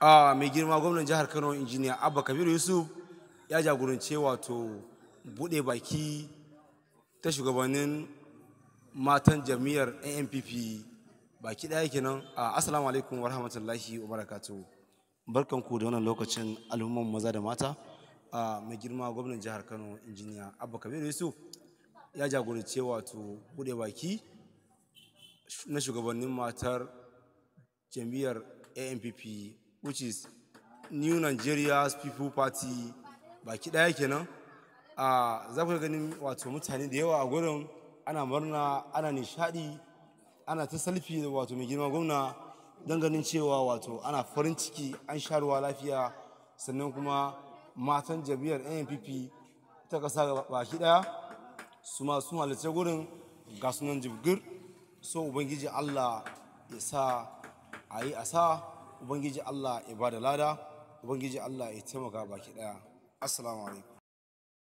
a mai girma gwamnan jihar kano injiniya abba kabiru yusuf ya jagorance wato buɗe baki ta shugabannin matan jami'ar ampp baki ɗaya kenan a asalamu alaikum wa rahmatullahi wa barakatu barkan ku da wannan lokacin al'umman maza da mata a mai girma gwamnan jihar kano injiniya abba kabiru yusuf ya jagorance wato buɗe baki na shugabannin matar jami'ar ampp which is New Nigeria's People Party baki ɗaya kenan a ah, za ku ganin wato mutane da yawa a gurin ana murna ana nishadi ana ta salfi da wato mai girma gwamna don ganin cewa wato ana farin ciki an sharuwa lafiya sannan kuma matan jami'ar NPP ta ƙasa baki ɗaya su ma sun halarci gurin ga sunan jibgir so ubangiji Allah ya sa ayi asa ubangiji Allah ya da lada ubangiji Allah ya taimaka baki daya assalamu alaikum